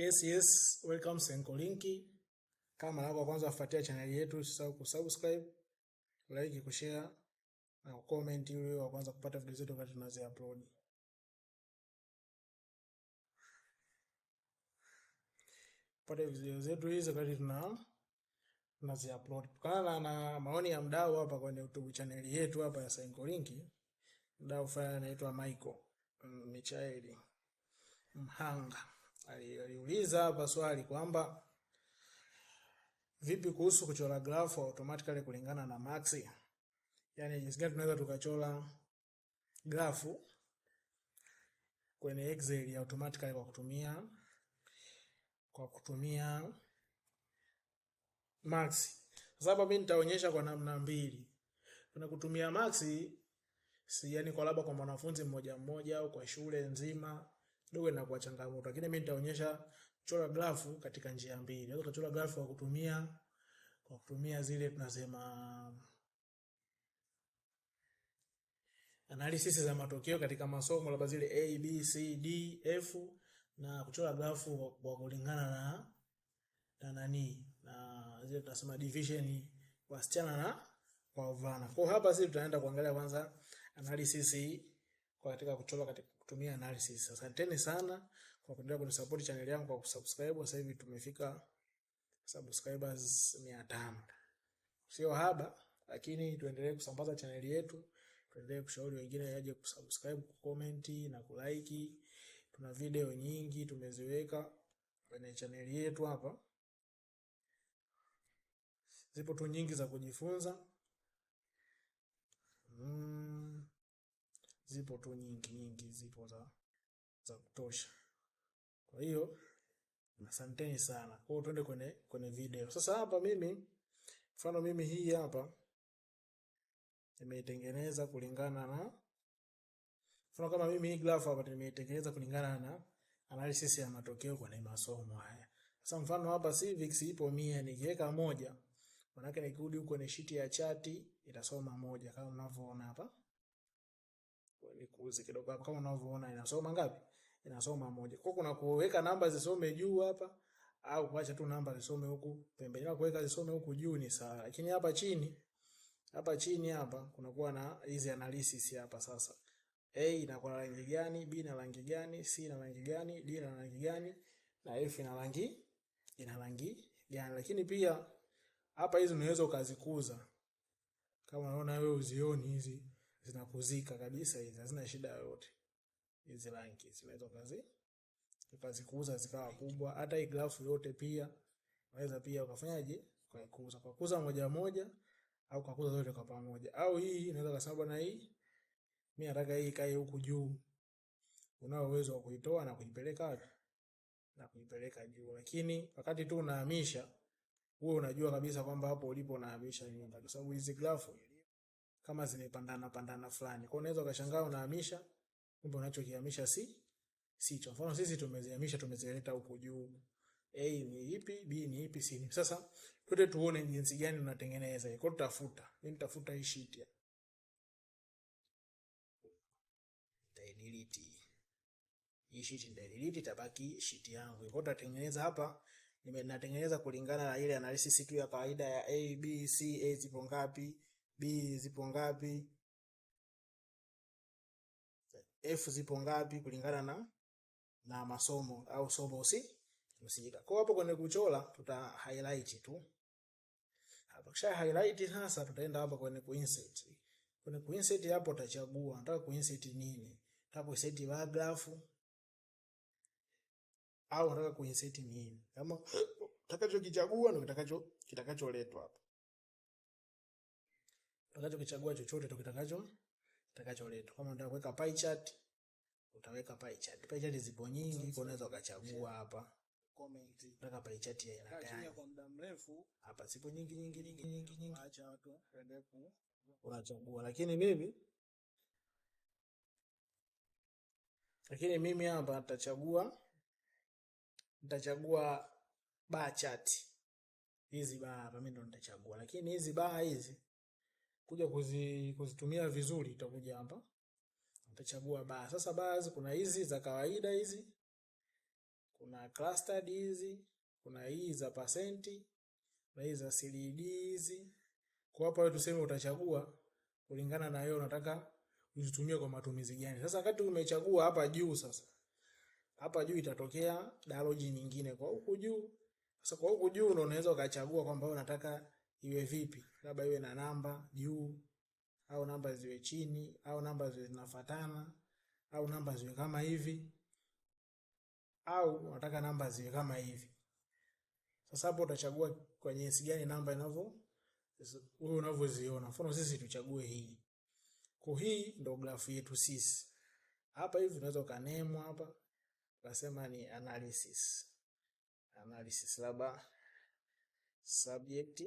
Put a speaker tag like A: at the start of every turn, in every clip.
A: Yes, yes, welcome Senko Linki. Kama nako kwanza kufuatia channel yetu, usisahau kusubscribe, like, kushare na kucomment ili wa kwanza kupata video zetu wakati tunazi upload. Pata video zetu hizo wakati tuna tunazi upload. Kutokana na maoni ya mdau hapa kwenye YouTube channel yetu hapa ya Senko Linki, mdau fulani anaitwa Michael Michaeli Mhanga aliuliza hapa swali kwamba vipi kuhusu kuchora grafu automatically kulingana na Max, yaani jinsi gani tunaweza tukachora grafu kwenye Excel automatically kwa kutumia kwa kutumia Max. Sasa hapa mimi nitaonyesha kwa namna mbili. Kuna kutumia Max si yani kwa labda kwa mwanafunzi mmoja mmoja au kwa shule nzima kidogo inakuwa changamoto, lakini mimi nitaonyesha chora grafu katika njia mbili. Unaweza kuchora grafu kwa kutumia kwa kutumia zile tunasema analysis za matokeo katika masomo labda zile A, B, C, D, F na kuchora grafu kwa kulingana na na nani na zile tunasema division wasichana na kwa wavulana. Kwa hapa sisi tutaenda kuangalia kwanza analysis kwa katika kuchora katika tumia analysis. Asanteni sana kwa kuendelea kunisupport channel yangu kwa kusubscribe. Sasa hivi tumefika subscribers 500. Sio haba, lakini tuendelee kusambaza channel yetu, tuendelee kushauri wengine waje kusubscribe, kucomment na kulike. Tuna video nyingi tumeziweka kwenye channel yetu hapa, zipo tu nyingi za kujifunza mm zipo tu nyingi nyingi, zipo za, za kutosha. Kwa hiyo asanteni sana. Kwa hiyo tuende kwenye, kwenye video sasa. Hapa mimi mfano mimi hii hapa nimeitengeneza kulingana na mfano kama mimi hii graph hapa nimeitengeneza kulingana na analysis ya matokeo kwenye masomo haya. Sasa mfano hapa civics ipo 100 nikiweka moja maana yake nikirudi huko kwenye sheet ya chati itasoma moja kama mnavyoona hapa nikuuze kidogo hapa, kama unavyoona inasoma ngapi? Inasoma moja. Kwa kuna kuweka namba zisome juu hapa au kuacha tu namba zisome huku pembeni, au kuweka zisome huku juu ni sawa, lakini hapa chini, hapa chini hapa kunakuwa na hizi analysis hapa sasa. A inakuwa na rangi gani? B na rangi gani? C na rangi gani? D na rangi gani? Na F ina rangi ina rangi gani? Lakini pia hapa hizi unaweza ukazikuza kama unaona wewe uzioni hizi zinakuzika kabisa hizi, hazina shida yoyote. Hizi rangi zinaweza kazi ukazikuuza zikawa kubwa, hata hii grafu yote pia unaweza pia ukafanyaje ukaikuza kwa kuuza moja moja, au kwa kuuza zote kwa pamoja, au hii inaweza kusema na hii mimi nataka hii kae huku juu, unao uwezo wa kuitoa na kuipeleka wapi na kuipeleka juu. Lakini wakati tu unahamisha, wewe unajua kabisa kwamba hapo ulipo unahamisha nyumba, kwa sababu hizi grafu kama zimepandana pandana fulani. Kwa hiyo unaweza ukashangaa unahamisha, kumbe unachokihamisha si sicho. Mfano sisi tumezihamisha tumezileta huko juu. A ni ipi, B ni ipi, C ni. Sasa twende tuone jinsi gani unatengeneza. Kwa hiyo tutafuta. Mimi nitafuta hii sheet ya. Delete. Hii sheet ndio delete, tabaki sheet yangu. Kwa hiyo tutatengeneza hapa nimetengeneza kulingana na ile analysis tu ya kawaida ya A B C A zipo ngapi B zipo ngapi, F zipo ngapi kulingana na na masomo au somo usi usika. Kwa hapo kwenye kuchora tuta highlight tu. Hapo kisha highlight sasa tutaenda hapa kwenye kuinsert. Kwenye kuinsert hapo utachagua nataka kuinsert nini? Nataka kuinsert paragraph au nataka kuinsert nini? Kama utakachokichagua ndio kitakacho kitakacholetwa hapo unachokichagua chochote tukitakacho kitakacholetwa. Kama unataka kuweka pie chart utaweka pie chart. Pie chart zipo nyingi, kwa unaweza ukachagua hapa comment, unataka pie chart ya
B: aina gani? Kwa muda mrefu
A: hapa zipo nyingi nyingi nyingi nyingi nyingi,
B: acha watu waende
A: unachagua, lakini mimi lakini mimi hapa nitachagua nitachagua bar chart hizi, bar hapa mimi ndo nitachagua, lakini hizi bar hizi kuja kuzi, kuzitumia vizuri itakuja hapa utachagua baa. Sasa baa kuna hizi za kawaida hizi, kuna clustered hizi, kuna hii za pasenti na hii za CDD hizi. Kwa hapa wewe tuseme utachagua kulingana na wewe unataka uzitumie kwa matumizi gani. Sasa wakati umechagua hapa juu, sasa hapa juu itatokea dialogi nyingine kwa huku juu. Sasa kwa huku juu unaweza ukachagua kwamba unataka iwe vipi, labda iwe na namba juu au namba ziwe chini au namba ziwe zinafuatana au namba ziwe kama hivi au unataka namba ziwe kama hivi. Sasa hapo utachagua kwa jinsi gani namba inavyo wewe unavyoziona. Mfano sisi tuchague hii. Kwa hii ndio grafu yetu sisi. Hapa hivi unaweza ukanemo hapa ukasema ni analysis. Analysis labda subject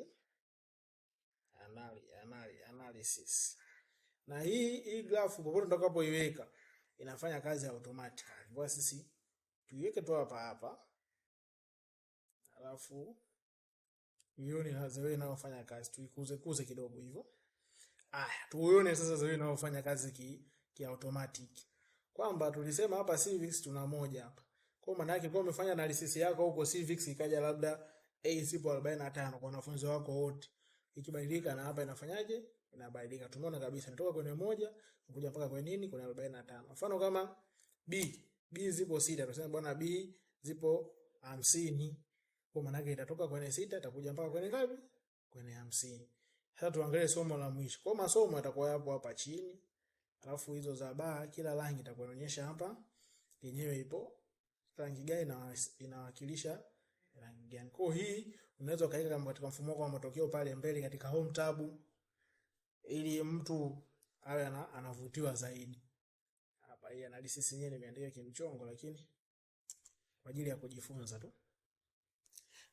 A: anali, anali, analysis. Na hii hii grafu popote utakapoiweka inafanya kazi automatically. Kwa sisi tuiweke tu hapa hapa. Alafu ione hazo wewe inayofanya kazi, tuikuze kuze kidogo hivyo. Aya, tuone sasa zewe inayofanya kazi ki, ki automatic. Kwamba tulisema hapa civics tuna moja hapa. Kwa maana yake kwa umefanya analysis yako huko civics ikaja labda A sipo 45 kwa wanafunzi wako wote ikibadilika na hapa inafanyaje? Inabadilika. Tumeona kabisa inatoka kwenye moja kuja mpaka kwenye nini? Kwenye arobaini na tano. Mfano kama B, B zipo sita, tunasema bwana B zipo hamsini. Kwa maana yake itatoka kwenye sita itakuja mpaka kwenye ngapi? Kwenye hamsini. Sasa tuangalie somo la mwisho. Kwa masomo yatakuwa hapo hapa chini. Alafu hizo za ba kila rangi itakuonyesha hapa yenyewe ipo rangi gani inawakilisha rangi gani. Kwa hii unaweza ukaweka katika mfumo wako wa matokeo pale mbele katika home tab ili mtu awe anavutiwa zaidi. Hapa hii analysis yenyewe nimeandika kimchongo lakini kwa ajili ya kujifunza tu.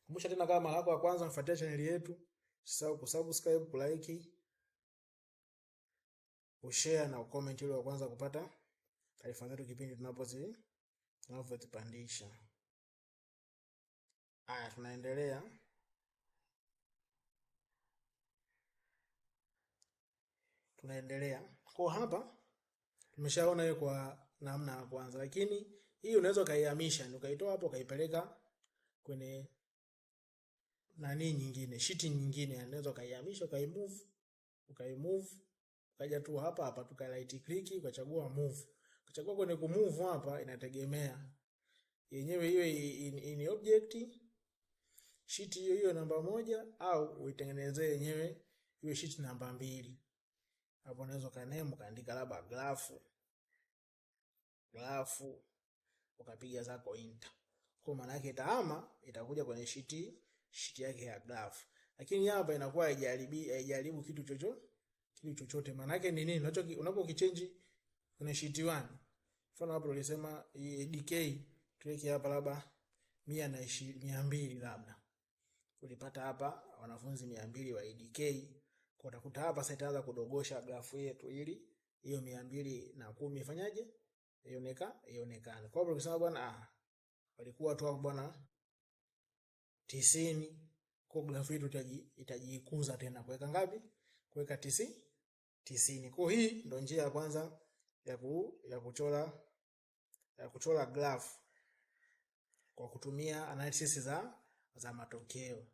A: Kumbusha tena kama mara yako ya kwanza unafuatia channel yetu, usisahau kusubscribe, kulike, kushare na ucomment ili wa kwanza kupata taarifa zetu kipindi tunapozi tunapozipandisha. Haya, tunaendelea. Tunaendelea kwa hapa, tumeshaona hiyo kwa namna ya kwanza, lakini hii unaweza ukaihamisha, ukaitoa hapo ukaipeleka kwenye nani nyingine, shiti nyingine, unaweza ukaihamisha ukaimove, ukaimove ukaja tu hapa hapa, tuka right click ukachagua move. Ukachagua kwenye kumove hapa, inategemea yenyewe hiyo ni object sheet hiyo hiyo namba moja au uitengenezee yenyewe hiyo sheet namba mbili. Hapo unaweza kanemu kaandika labda grafu grafu, ukapiga zako enter. Kwa maana yake itahama, itakuja kwenye sheet sheet yake ya grafu, lakini hapa inakuwa haijaribi haijaribu kitu chochote kitu chochote. Maana yake ni nini? Unacho Unapokichange kwenye sheet 1, mfano hapo ulisema DK tuweke hapa labda mia na mia mbili labda tulipata hapa wanafunzi mia mbili wa EDK. Kwa utakuta hapa sasa itaanza kudogosha grafu yetu ili hiyo mia mbili na kumi ifanyaje? Ioneka ionekane. Kwa hiyo ukisema bwana ah, walikuwa tu bwana tisini, kwa grafu yetu itajikuza tena kuweka ngapi? Kuweka tisini tisini. Kwa hii ndo njia ya kwanza ya ku, ya kuchora ya kuchora grafu kwa kutumia analysis za za matokeo.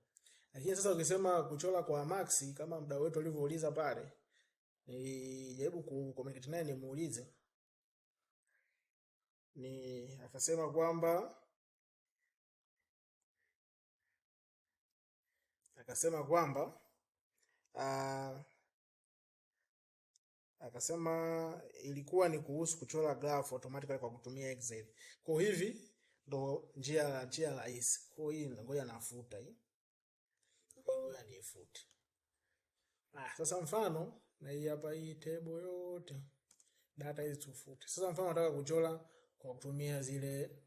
A: Lakini sasa ukisema kuchora kwa Max kama mdau wetu alivyouliza pale, nijaribu jaribu ku communicate naye nimuulize, ni akasema kwamba akasema kwamba akasema ilikuwa ni kuhusu kuchora graph automatically kwa kutumia Excel. Kwa hivi ndo njia njia rahisi. Kwa hiyo ngoja nafuta hii, ngoja nifute. Ah, sasa mfano na hii hapa, hii table yote data hizi tufute. Sasa mfano nataka kuchora kwa kutumia zile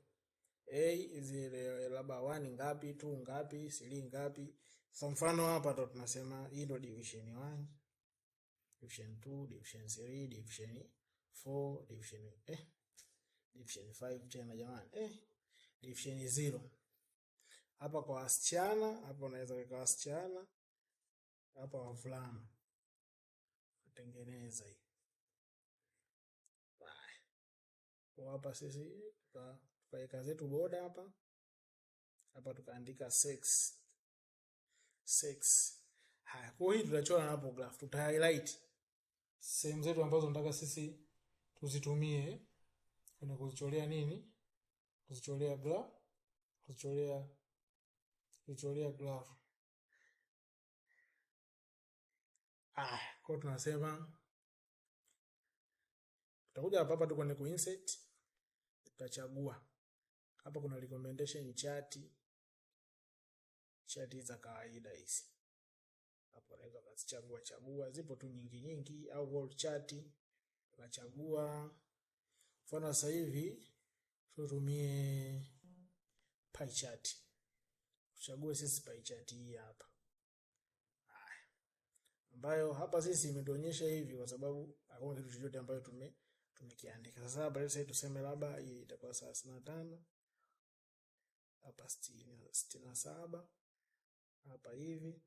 A: a zile labda wani ngapi tu ngapi sili ngapi. Sasa mfano hapa ndo tunasema hii ndo division 1 division 2 division 3 division 4 division eh division 5 tena jamani eh division zero. Hapa kwa wasichana, hapa unaweza weka wasichana, hapa wavulana, utengeneza hii hapa sisi tukaweka zetu boda hapa hapa tukaandika sex sex. Haya, kwa hii tutachora hapo graph, tuta highlight sehemu zetu ambazo nataka sisi tuzitumie kwenye kuzicholea nini kuzichorea gla kuzichorea kuzichorea grafu. Ah, kwa tunasema tutakuja hapa hapa tu kwenye tutachagua hapa, kuna recommendation chati, chati za kawaida hizi hapo, unaweza kuzichagua chagua, zipo tu nyingi nyingi, au world chati unachagua mfano sasa hivi tutumie pie chart. Tuchague sisi pie chart hii hapa ambayo hapa sisi imetuonyesha hivi kwa sababu hakuna kitu chochote ambayo tume tumekiandika. Sasa hapa sasa tuseme labda hii itakuwa thelathini na tano hapa sitini na saba hapa hivi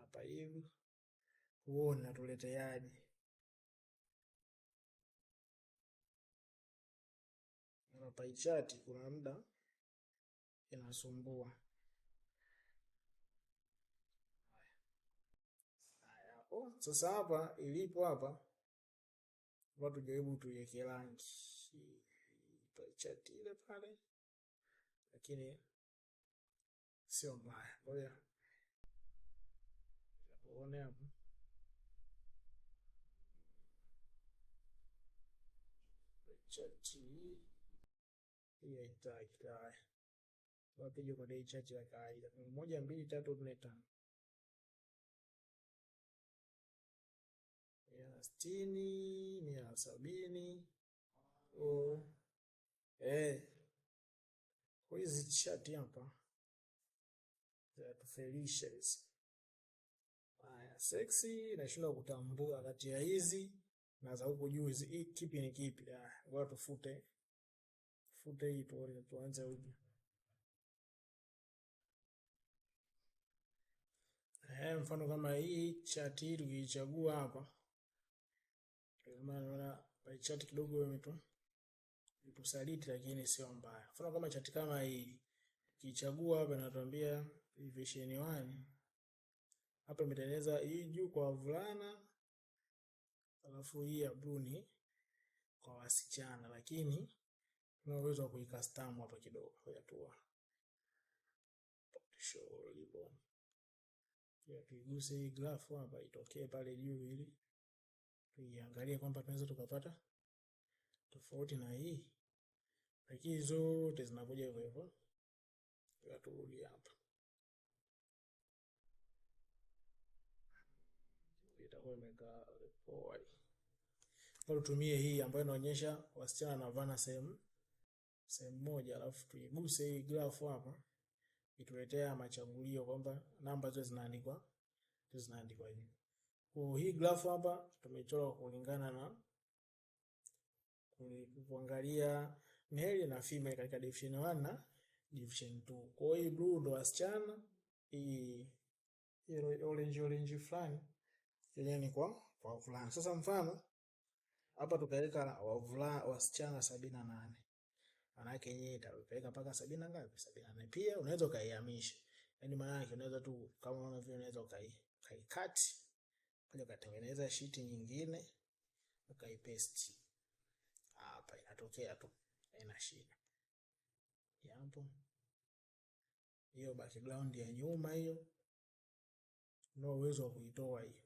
A: hapa hivi, huona natuleteaje? Yaani? pie chart kuna muda inasumbua. sasa hapa ilipo hapa a, tujaribu tuweke rangi pie chart ile pale, lakini sio mbaya. Ngoja uone hapa Chati hiyo itakaa wakija kwa dei chache ya kawaida moja mbili tatu nne tano mia sitini mia sabini e. kwa hizi chati hapa zinatufelisha hizi. Haya, seksi nashindwa kutambua kati ya hizi na za huku juu hizi, kipi ni kipi? Ngoja Fudei, porra, tuanze upya. Eh, mfano kama hii chat hii tukiichagua hapa naona by chati kidogo imetu itusaliti, lakini sio mbaya. Mfano kama chat kama hii tukiichagua hapa inatuambia revision 1 hapa imetengeneza hii juu kwa wavulana, alafu hii ya blue ni kwa wasichana, lakini na uwezo wa kuicustom hapa kidogo, hoja tu show ilivyo. Ya tuiguse hii grafu hapa itokee pale juu, ili tuiangalie kwamba tunaweza tukapata tofauti na hii, lakini zote zinakuja hivyo hivyo. Turudi hapa, itakuwa imekaa poa. Tutumie hii ambayo inaonyesha wasichana wanavana sehemu sehemu moja, alafu tuiguse hii grafu hapa ituletea machangulio kwamba namba zote zinaandikwa zinaandikwa hivi. Kwa hii grafu hapa tumechora kulingana na kuangalia male na female katika division 1 na division 2. Kwa hiyo blue ndo wasichana, hii orange orange fulani ile ni kwa wavulana. Sasa mfano hapa tukaweka wavulana wasichana sabini na nane yake yeye itapeleka mpaka sabini na ngapi? Sabini na nne. Pia unaweza ukaihamisha. maana manake unaweza tu kama unaona vile unaweza ukai kaikati. Kaja katengeneza sheet nyingine ukaipaste. Hapa inatokea tu. Haina shida. Yapo. Hiyo background ya nyuma hiyo. Una uwezo wa kuitoa hiyo.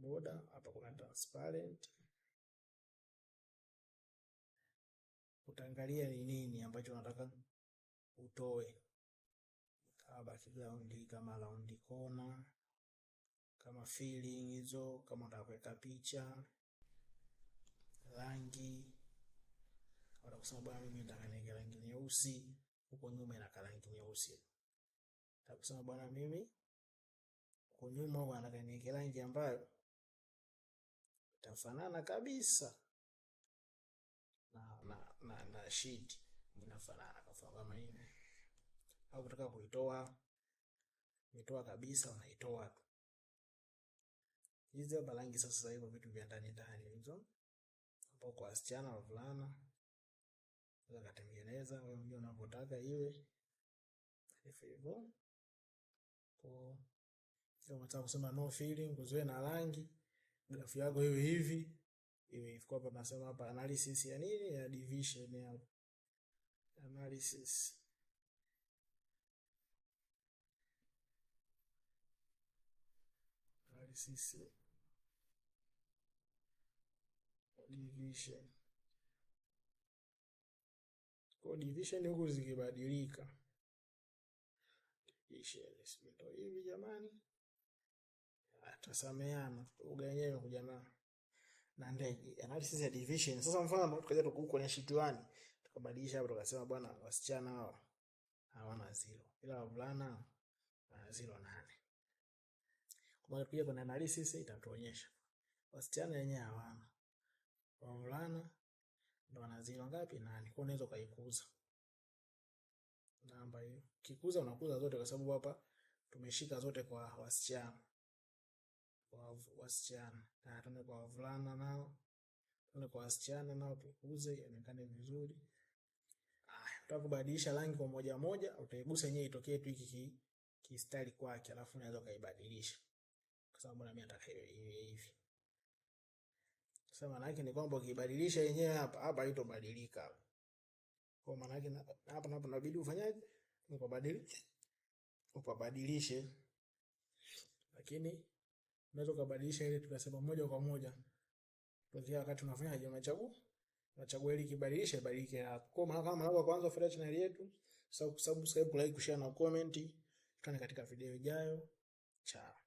A: boda hapa, kuna transparent utaangalia ni nini ambacho unataka utoe, kama background, kama round kona kama feeling hizo, kama unataka kuweka picha, rangi kusema bwana, mimi nataka rangi nyeusi huko nyuma, na rangi nyeusi. takusema bwana, mimi huko nyuma nataka rangi ambayo tafanana kabisa na sheet vinafanana kwa mfano kama hivi, au kutaka kuitoa kuitoa kabisa, unaitoa tu. Hizi hapa rangi sasa, hivyo vitu vya ndani ndani hizo, ambao kwa wasichana wavulana unaweza kutengeneza wewe mwenyewe unavyotaka iwe hivyo. Kwa hiyo unataka kusema no feeling kuzoea na rangi, grafu yako iwe hivi ilikuwa hapa nasema hapa analysis ya nini ya division ya analysis analysis division kwa division huku zikibadilika division sio hivi jamani, atasameana uga wenyewe kuja na ndege, analysis ya division. Sasa mfano ambao tukaja huku kwenye sheet 1 tukabadilisha hapo, tukasema bwana, wasichana hawa hawana zero, ila wavulana wana zero nane. Kwa maana pia kuna analysis itatuonyesha wasichana wenyewe hawana, wavulana ndo wana zero ngapi? Nane. Kwa unaweza kaikuza namba hiyo, kikuza unakuza zote, kwa sababu hapa tumeshika zote kwa wasichana kwa wasichana na tuende kwa wavulana nao, tuende kwa wasichana nao tukuze ionekane vizuri. Haya, utaka kubadilisha rangi kwa moja moja, utaigusa yenyewe itokee tu hiki kistari kwake, alafu unaweza ukaibadilisha, kwa sababu na mimi nataka iwe hivi. Sasa maana yake ni kwamba ukibadilisha yenyewe hapa hapa haitobadilika hapa. Kwa maana yake hapa napo inabidi ufanyaje? Ukabadilishe. Ukabadilishe. Lakini unaweza kubadilisha ile tukasema moja kwa moja tokea wakati unafanyaje, unachagua unachagua ili kibadilisha badilike hapo. Kwa maana kama mara ya kwanza ufuatilia channel yetu, usisahau kusubscribe, like, kushare na comment. Tukutane katika video ijayo. Chao.